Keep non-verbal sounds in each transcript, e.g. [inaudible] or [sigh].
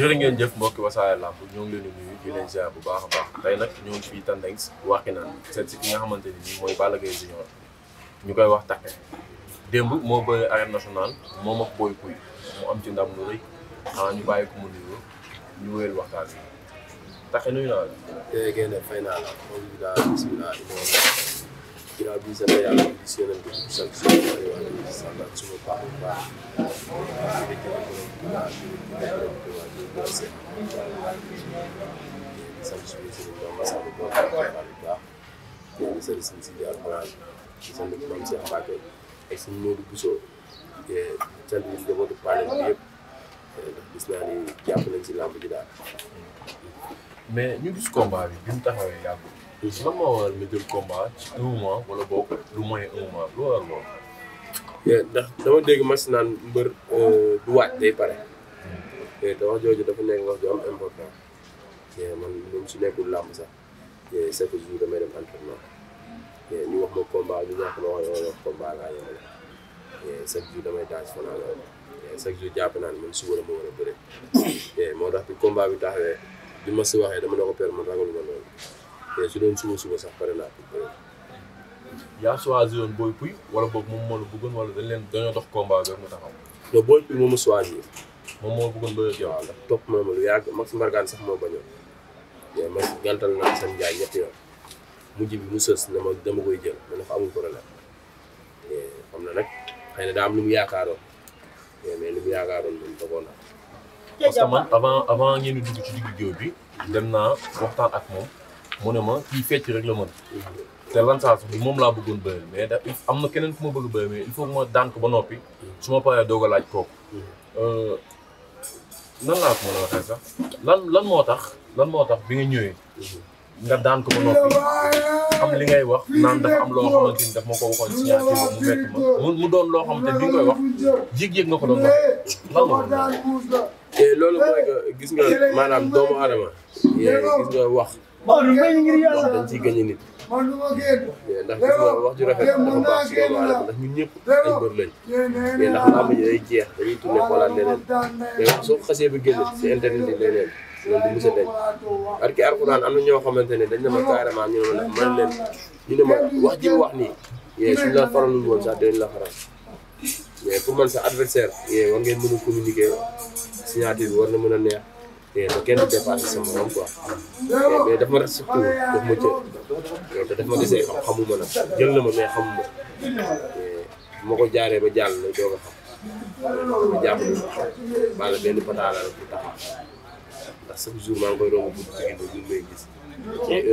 jërë ngeen jëf mbokki wasaare làmb ñoo ngi leen di nuyu bu baax a baax tey nag ñoo ngi fii Tandengue Wakhinane seet si ki nga xamante ni nii mooy Balla Gaye junior ñu koy wax Takké démb moo bëri arène nationale moom ak Boy Pouye mu am ci ndam lu rëy xanaa ñu bàyyi ko mu nuyoo ñu wéyal waxtaan bi Takké nuyu naa la. tey génne naa la moom bi ginnaaw bi sant yàlla di séeréer bi sant suñu bëri wala di sant suñu baax a baax di gërëm gërëm di gërëm di gërëm seen di sant suñu sëriñ Ba Massa di gërëm di gërëm bu baax di gërëm sëriñ si si ak moral di sant maam Cheikh Mbacke ak suñu Modou Bousso di sant ñu njabootu Paale bi yëpp ndax gis naa ni jàpp nañ si làmb ji daal. mais ñu gis combat bi bi mu taxawee yàggul. si lan moo waral nga jël combat ci un mois wala boog lu moyen dama dégg mas mbër euh, du waaj day hmm. jooju dafa nekk wax ju am important. man moom su chaque jour damay dem entraînement. wax ma combat ñu ñàkk ma wax yow combat la. chaque damay daaj fanaan chaque jour jàpp naa ne man suba la ma war a bëre. [coughs] moo tax bi combat bi taxawee bi ma si waxee dama ne ko père man ragalu ma loolu. mais su doon suba suba sax pare naa pour bëri. yaa choisi woon Boy Pouye wala boog moom moo la bëggoon wala dañoo dox combat moom ma lu yàgg Max Mbargane sax moo bañoon. mais Max gàntal naa Assane Ndiaye bi mu sës ne ma dama koy jël ma xam na nag xëy na daa am lu mu yaakaaroon mais lu mu yaakaaroon moom dogoon na. parce que man avant avant ngeen di ci digg géew bi dem naa waxtaan ak moom. mu ne ma kii fecc rek la mën te lansaasu bi moom laa bëggoon bëri mais da am na keneen ku ma bëgg bëri mais il faut ma daan ko ba noppi su ma paree doog a laaj kooku euh, nan laa ko lan lan moo tax lan moo tax bi nga ñëwee nga ba noppi am li ngay wax naan dafa am loo xamante ni daf ma ko waxoon si mu fekk doon loo xam ni bi nga koy wax yëg-yëg nga ko doon wax te eh, loolu mooy que gis nga maanaam doomu aadama eh, gis nga wax. waaw lu may ngir yàlla wax eh, dañ wax ju rafet dafa baax si doomu aadama ndax ñun ñëpp ay mbër lañ. mais ndax làmb ji day jeex dañuy tourné xoolaat leneen mais soo xasee ba génn si internet yi leneen loolu du mos a denc. parce que alxuraan am na ñoo xamante ne dañ ne ma carrément ñu ne ma man leen ñu ne ma wax ji wax nii. yee eh, suñ la faraloon woon sax dañ la faral mais eh, pour man sa adversaire yee war ngeen mën a communiquer signature war na mën a neex. Eh, te kenn dépassé sama morom quoi eh, mais daf ma surtout daf ma jël eh, ma desee xam xamuma nag jël na ma mais xamuma te ma ko jaaree ba jàll la doo nga xam ma jàpp bala benn pataala la bu taxaw ndax chaque jour maa ngi koy romb bu jigéen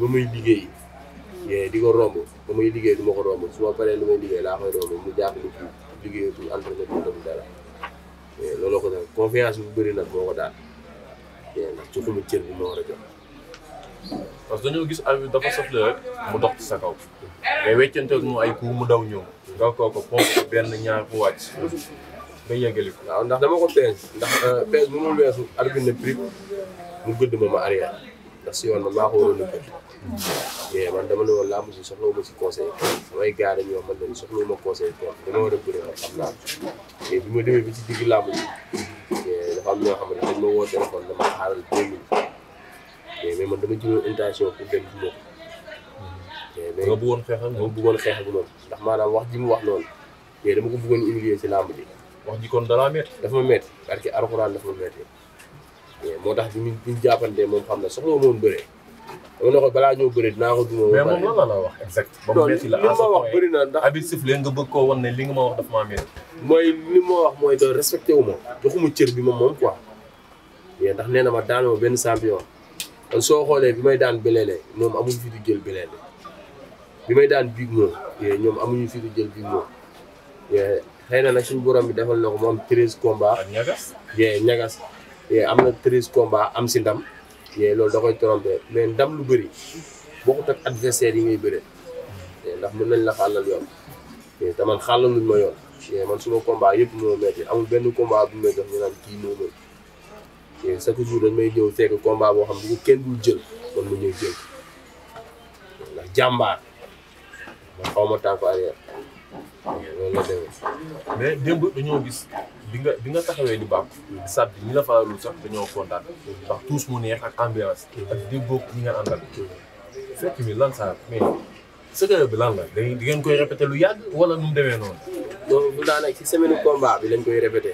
ba may liggéey yi di ko romb ba muy liggéey du ma ko romb su ma paree lu may liggéey laa koy romb mu jàpp ni liggéeyatul entraînement dara looloo ko dal confiance bu bëri nag moo ko daal jàppee ndax joxu ma cër bi ma war a jox parce que dañoo gis abi dafa soxla rek mu dox ci sa kaw ngay weccante ak mu ay ku mu daw ñëw nga koo ko pomp benn ñaar bu wàcc nga ndax dama ko pees ndax euh, mu weesu arbitre ne prix mu gëdd ma ma arrière ndax si yoon man maa ko waroon a gëdd mais man dama ne woon làmb si soxla ma si conseil samay gars dañuy wax man leen soxla wu ma conseil dama war a bëri xam naa mais bi ma demee bi ci digg làmb ji ñoo xam ne ma woo téléphone dama xaaral deux minutes mais mais man dama jëloon intention pour dem mais nga bëggoon xeexal moom bëggoon maa moom wax ji mu wax noonu mais dama ko bëggoon humilier si làmb ji. wax ji kon danaa dafa ma métti parce que Alxuraan dafa ma métti moo tax bi ñu jàppante moom xam na soxla woon bëree. dama ne balaa ñëw bëri dinaa ko duma. mais moom lan la ndax. abi sifle nga bëgg koo wan ne li nga ma wax dafa mooy li ma wax mooy respecté wu ma joxuma cër bi ma moom quoi. mais ndax nee na ma daan ma benn champion kon soo xoolee bi may daan Belele moom amuñu fi di jël Belele bi may daan Big ñoom amuñu fi di jël Big Mo xëy na nag suñu borom bi defal na ko mu am treize combats. am na treize combats am si mais loolu da koy trompé mais ndam lu bëri bokkut ak adversaire yi ngay bëre eh, ndax mën nañ la xàllal yoon eh, te taman xàllal luñ ma yoon mais eh, man suma combat yëpp moo metti amul benn combat bu may def ñu naan kii moo mën te chaque jour dañ may jëw fekk combat boo xam ne bu ko kenn dul jël kon mu ñëw jël ndax jàmbaar man xaw ma tànk arrière loolu la demee mais démb dañoo gis bi nga bi nga taxawee di bàmb sab bi ñi la faralul sax dañoo kontaan ndax tuus mu neex ak ambiance ak déggoo ñi nga àndal fekk mi lan saa mais secret bi lan la da ngeen koy répété lu yàgg wala nu mu demee noonu loolu bu daanaka ci semaine combat bi lañ koy répété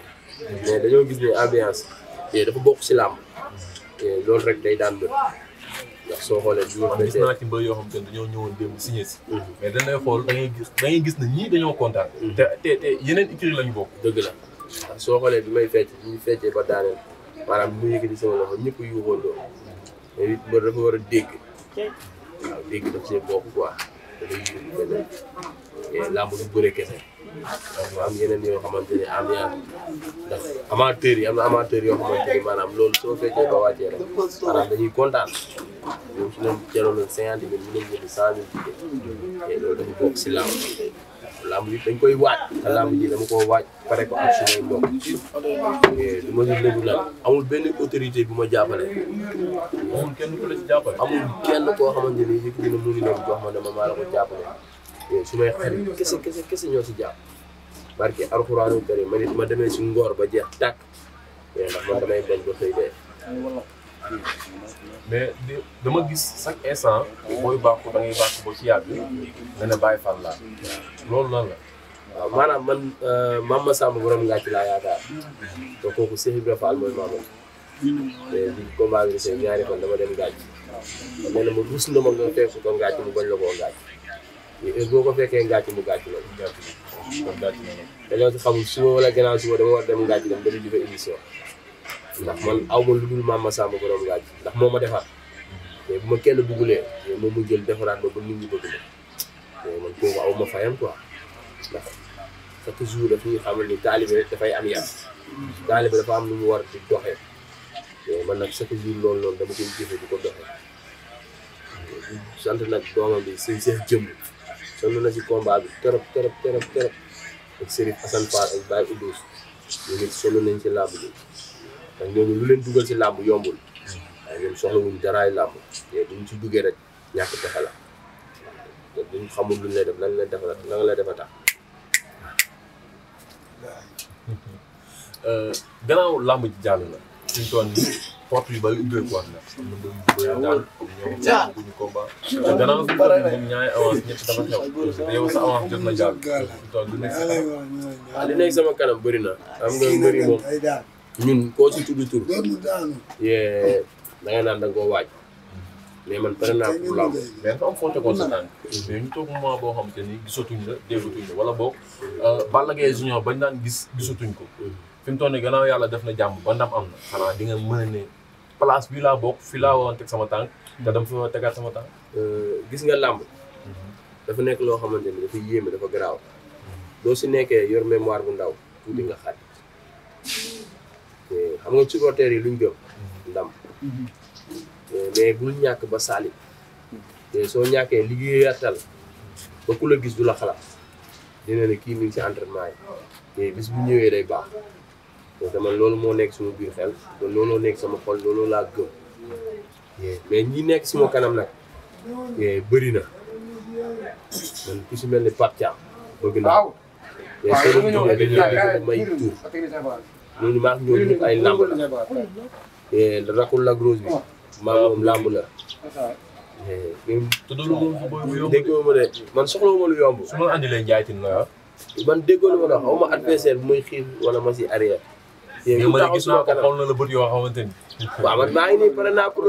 dañoo gis ne ambiance dafa bokk ci làmb loolu rek day daan bët ndax soo xoolee du ma gis naa yoo xam te dañoo ñëwoon démb signé si mhm. mais dañ lay xool da gis da gis ne ñii dañoo kontaan mhm. te te te yeneen écurie lañ bokk dëgg la soo xoolee bi may fecc ñu feccee ba daaneel maanaam mu yëkkati sama loxo ñëpp yuuxandoo dafa war a dégg waaw dégg daf see bokk quoi dafay yëngu benn làmb kese donc mu yeneen yoo xamante ne ambiance ndax amateurs yi am maanaam loolu soo feccee ba wàccee rek maanaam dañuy kontaan ñoom su leen jaroon cinquante mille ñu leen jënd cent mille loolu dafa bokk si làmb lamb yi dañ koy waaj te lamb ji dama koo waaj pare ko ak sumay mbokk eh, du ma si léegi amul benn autorité bu ma jàppale amul kenn ku la si jàppale amul kenn koo xamante ni yëkk dina mu ngi doon jox ma dama maa la ko jàppale eh, su may xarit kese kese ñoo si jàpp barke alxuraanu karim ma nit ma demee si ngoor ba jeex tàkk eh, ndax man damay bañ ba xëy dee mais dama gis chaque instant booy bàkku da ngay bàkku ba ci yàgg nga ne Baye Fall laa maanaam man euh, Mame Massamba borom Ngathie laa yaakaar te kooku Cheikh Ibrahima Fall mooy maamam te di combat bi seen ñaari fan dama dem Ngathie nee na ma rus na ma nga fekk ko Ngathie mu bañ la koo Ngathie boo ko fekkee Ngathie mu Ngathie loolu. Ngathie loolu. te loolu si xamul suba wala gannaaw dama war dem Ngathie dem ba émission. ndax man aw ma lu dul maam Masamba borom ngaaj ndax moo ma defar mais bu ma kenn bëggulee moom mu jël defaraat ma ba nit ñi bëgg ma mais man kooku aw ma fayam quoi ndax chaque jour daf ñuy xamal ni taalibe dafay am yar taalibe dafa am lu mu war di doxee mais man nag chaque jour loolu lool dama koy jëfe di ko doxee sant nag doomam bi sëñ Seex jëmm sonn na ci combat bi trop trop trop trop ak Serif Assane Fall ak Baye Oudous ñu nañ ci làmb bi te lu leen dugal si làmb yombul hmm. waaye ñoom soxlawuñ daraay làmb te buñ si duggee rek ñàkk pexe la te buñ xamul luñ lay def lan lay defal lan lay defa tax hmm. euh, gannaaw làmb jàll na suñ toon ni porte yu bëri ubbeekuwaat na am na bëri daan moom ñaari avance ñett dafa xew yow sa avance jot na jàll suñ ah, li nekk sama kanam bëri na xam moom ñun koo si tudd tur. démb daanu. da nga naan da nga koo waaj. mais man pare naa pour làmb. mais dafa am foote ko sa tànk. mais ñu toog boo xamante ni gisatuñ la déggatuñ wala boog. Euh, Balla Gaye junior bañ naan gis gisatuñ ko. fi mu toll nii gannaaw yàlla def na jàmm ba ndam am na. xanaa di mën a ne place bi laa bokk fii laa waroon teg sama tànk. te dama fa tegaat sama tànk. Euh, gis nga làmb. dafa nekk loo xamante ni dafa yéeme dafa garaaw. loo si nekkee yor mémoire bu ndaw tuuti nga xaaj. xam nga supporters yi luñ gëm mm-hmm. ndam mm-hmm. Eh, mais bul ñàkk ba saali te soo ñàkkee liggéeyaatal ba ku la gis du la xalaat dina ne kii mi ngi ci entraînement yi bis bu ñëwee day baax parce que loolu moo nekk suma biir xel kon looloo nekk sama xol looloo laa gëm mais ñi nekk suma kanam nag bëri na man ku si mel ni Pape bëgg naa te may tuur ñooñu maa ngi ñooñu ay làmb la eh, rakul Lac Rose bi làmb la. Eh, man soxla wu ma lu yomb. su ma andilee wala ma si eh, ma gis naa ko ngi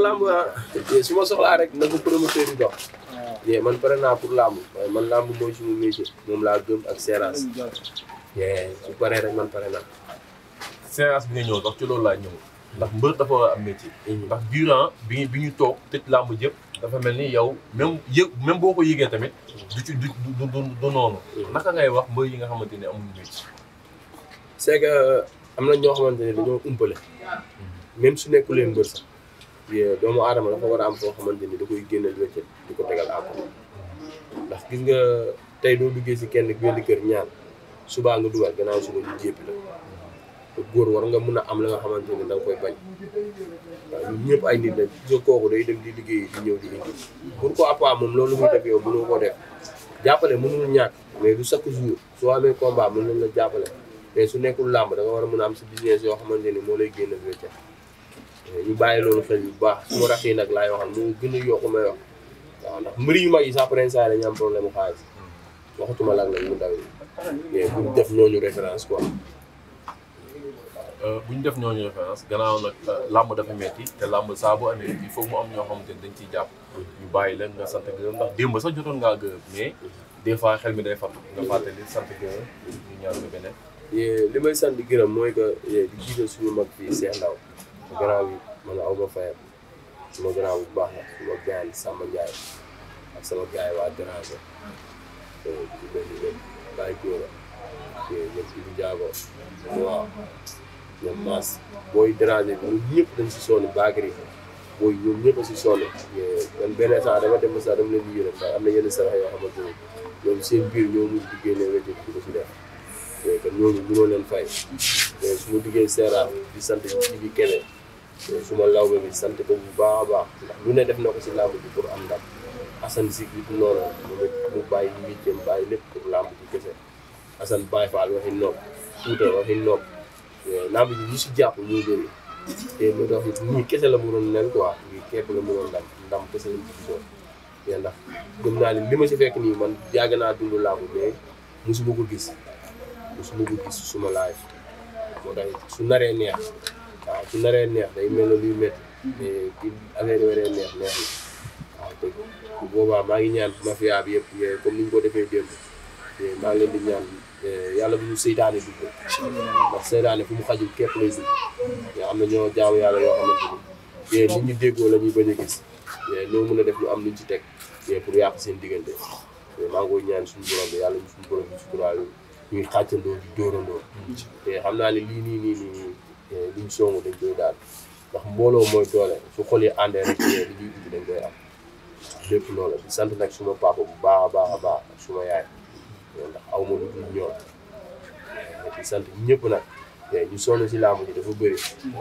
làmb ah. ah. man pare naa pour làmb man làmb mooy suñu métier moom laa gëm ak séerans. su paree rek man pare naa. séance bi nga ñëw ndax ci loolu laa ñëw ndax mbër dafa war a am métier ndax bi bi ñu toog tëj làmb dafa mel ni yow même yëg même boo ko tamit du ci du du du wax mbër yi nga xamante ne amuñu métier euh, am na ñoo xamante ne dañoo umpale même su nekkulee mbër sax doomu aadama dafa war a am foo xamante ni da koy génnal métier di ko gis nga tey doo duggee si kenn benn kër ñaar subaa nga dugal gannaaw suba jéppi la te góor war nga mun a am la nga xamante ni da koy bañ waaw ñun ñëpp ay nit lañ so kooku day dem liggéey ñëw di indi pourquoi pas moom loolu muy def yow mënoo ko def jàppale mënul ñàkk mais du chaque jour soo amee combat mën nañ la jàppale mais su nekkul làmb da war a mën a am si business yoo xamante ni moo lay génn wécce ñu bàyyi loolu xel bu baax su ma rax yi nag laay waxal moo gën a yokk may wax waaw ndax mbir yu mag yi sax prince dañu am problème xaalis waxatuma lak nag mu ndaw yi mais bu def ñooñu référence quoi Euh, bu ñu def ñooñu référence gannaaw nag euh, làmb dafa metti te làmb saa bu amee il faut mu am ñoo xamante dañ ciy jàpp ñu bàyyi leen nga sant gërëm ndax démb sax jotoon ngaa gërëm mais des fois xel mi day fàttu nga fàttali sant gërëm li may sant gërëm mooy que di jiital suñu mag fii Cheikh Ndaw ma gannaaw yi man aw ma fayam suma gannaaw bu baax la suma gaan Samba Ndiaye ak sama gaay waa déranger ñu mel ni ñoom maas booy déranger ñun ñëpp dañ si sonn baagri booy si sonn man benn instant dama dem sax dama leen di yéene sax am na yenn sarax yoo xamante ne ñoom seen biir ñoo mujj di génne wécc di ko si def kon ñooñu mënoo leen fay su ma duggee seeraat di sant ci bi su ma lawbe sant ko bu baax a baax ndax def na ko si làmb si it noonu moom it mu bàyyi huitième bàyyi lépp pour làmb bi kese Assane nopp Fouta waxi nopp lamb bi ñu si jàpp ñoo bëri te mu tax it kese la mu doon nen quoi ñii la mu doon ndam ndam kese la mu naa li ma si fekk nii man yàgg naa dund lamb mais mosuma ko gis mosuma ko gis suma live moo tax su naree neex waaw su naree neex day mel ne luy métti mais bi affaire waree neex neex boobaa maa ngi ñaan mafia bi yëpp comme ni ñu ko defee démb. Eh, maa ngi leen di ñaan eh, yàlla bu ñu seytaane dugg ndax seytaane fu mu xajul képp lay dugg eh, na ñoo jaamu yàlla yoo xamante déggoo la ñuy bañ a gis yee a def lu am luñ ci teg yàq seen diggante ñaan suñu borom bi ñu suñu borom bi suturaayu ñuy xàccandoo di daal ndax mbooloo mooy doole su xoolee àndee rek li ñuy indi dañ sant nag suma papa bu baax a baax a baax yaay ndax awma ma lu dul ñoom eh, di sant ñëpp nag eh, ñu solo si laamu ji dafa bëri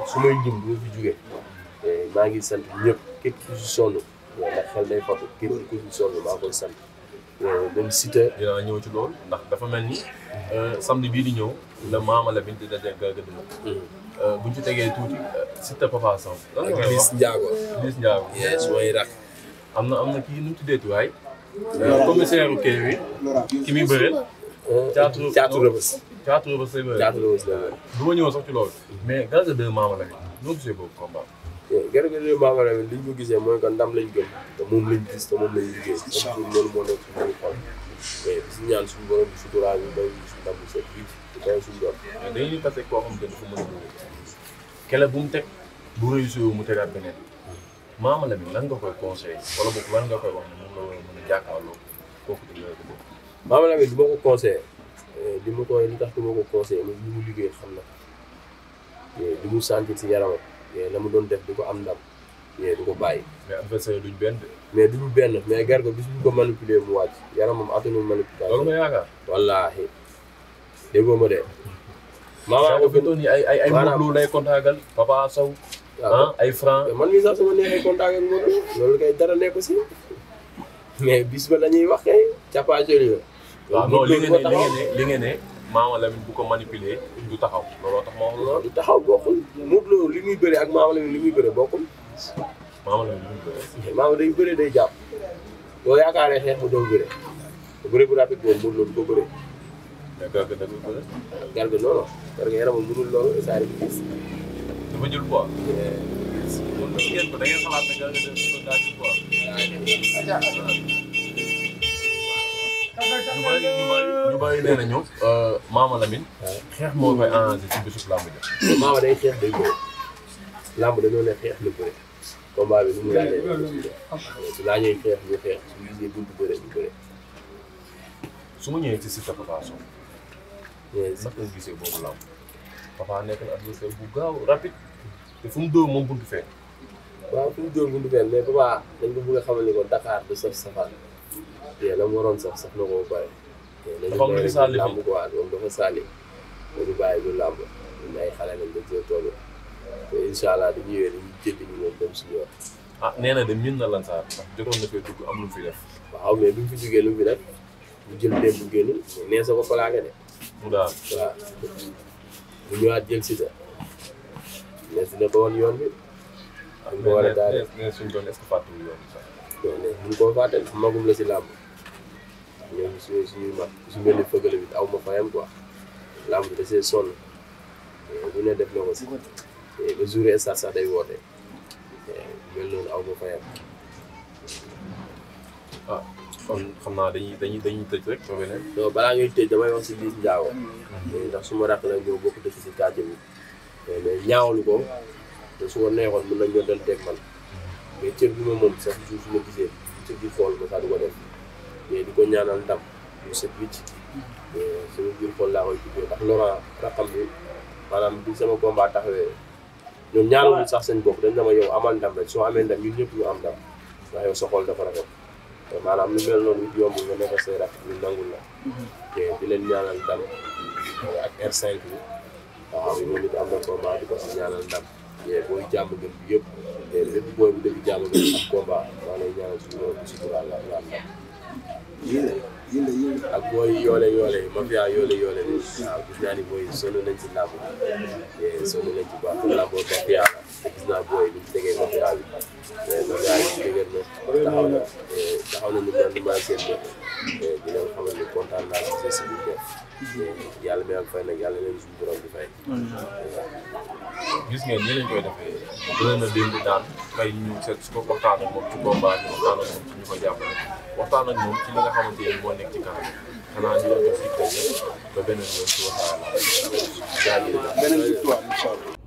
su may lim bu ma fi jugee eh, maa ngi sant ñëpp képp ku si sonn ndax xel koy sant même Siteu ñëw ci lool ndax dafa mel ni samedi bii di ñëw la Mama Lamine di daje gàgg mm. bu ñu ci tegee tuuti Siteu Papa Sow. lan nga koy wax ak Liss Ndiago Liss Ndiago. yes mooy rak am na am na kii nu mu tuddee commissaire u kii bi ki muy bëre. caatu caatu rëbës. caatu rëbës du ma ñëw sax ci loolu. mais Garga 2 Mama Lamine noo gisee euh, li ko gisee mooy que ndam lañ gëm te moom lañ gis te moom lañ liggéey. incha allah loolu moo nekk suñu xol. mais suñu ñaan a bëre. kele bu mu teg bu réussir mu tegaat beneen Mama Lamine lan nga koy conseillé wala boog lan nga koy wax loolu mën a jàkkaarloo kooku di loolu ko conseillé eh, di ma ko li tax du ko conseillé mu mu liggéey xam na li eh, mu sentir si yaramam eh, la mu doon def di ko am ndam du ko bàyyi. mais adversaire duñ benn mais duñu benn mais Garga bis bu ko manipuler mu wàcc yaramam attanu manipulation. loolu nga yaakaar. wallaahi déggoo ma de. maama ko fi doon ay ay ay Modou Lo lay ah, ay franc man mii sax sama neexee contact ak loolu kay dara nekk si. mais bis ba la ñuy wax kay cappaajal yi waaw non li ngeen ne li ngeen ne Maama Lamine bu ko manipuler du taxaw looloo tax ma wax. non du taxaw bokkul Modou li muy bëre ak Maama Lamine li muy bëre bokkul. Maama Lamine li muy bëre. Maama day bëre day jàpp boo yaakaaree xeex mu doon bëre bu loolu saa yi gis. dafa jël poids. ñu bëri ñu bëri nee xeex moo koy arrangé ci bisub làmb xeex day bëri làmb laa xeex ñu xeex suñu liggéey buntu su ma ñëwee ci Siteu Papa Sow. sax nga gisee boobu làmb. Papa nekk na adversaire bu gaaw rapide te fu mu dóor moom buntu fee. waaw fu mu dóor bu ndubeen mais Papa dañ ko bëgg a xamal ni ko Dakar du saf safaan te la mu waroon saf saf na ko bàyyi dafa mel ni sàlli làmb du làmb xale lañ dañ see toll ñu moom dem yoon ah nee na de min na lansaar ndax jotoon na fee dugg am lu mu fi def waaw mais bi mu fi jugee lu fi def mu jël démb bu génn nee sa ko plaqué de mu daal waaw bu ñëwaat jël si sa nee na ko yoon bi dañ ko war a daal mais suñ doon est magum la si làmb ñoom suñu su mel ni fëgale bi aw ma fayam quoi làmb bi da see sonn eh, bu ne def la ko si eh, ba jour star sax day woote eh, mel noonu aw ma fayam ah kon xam naa dañuy dañuy dañuy tëj rek ba beneen non balaa ngay tëj damay wax si Liss Ndiago mm-hmm. ndax su ma raq la ñëw bokk dëkk si quartier bi mais ko te su ma neexoon mën nañ ñoo doon teg man mais cër bi ma moom sax jour su ma gisee ci biir xool ma saa du ko def mais di ko ñaanal ndam mu set wicc sama biir xool laa koy tuddee sama combat taxawee ñoom sax seen bopp dañ dama yow amal ndam rek soo amee ndam ñun ñëpp ñu am ndam ndax yow sa xool dafa rafet maanaam lu mel noonu it yombul nga nekk say rak ñu la te di leen ñaanal ndam ak R5 bi waaw ñoom it am na combat di ko si ñaanal ndam mais booy jàmm gën bi yëpp te lépp booy bu def jàmm gën ak combat maa lay ñaanal suñu borom bi sutura la la yii la yii la yii la ak booy yoole yoole mafia yoole yoole bi waaw gis naa ni booy sonn nañ ci làmb te sonn gis naa booy bi déggee ko gaal bi mais na biir def daan tey ñu seet su ko waxtaan moom ci combat bi waxtaan moom ci ñu ko jàppale waxtaan ak moom ci li nga xamante moo nekk ci kanam xanaa ñu doon def victoire ci waxtaan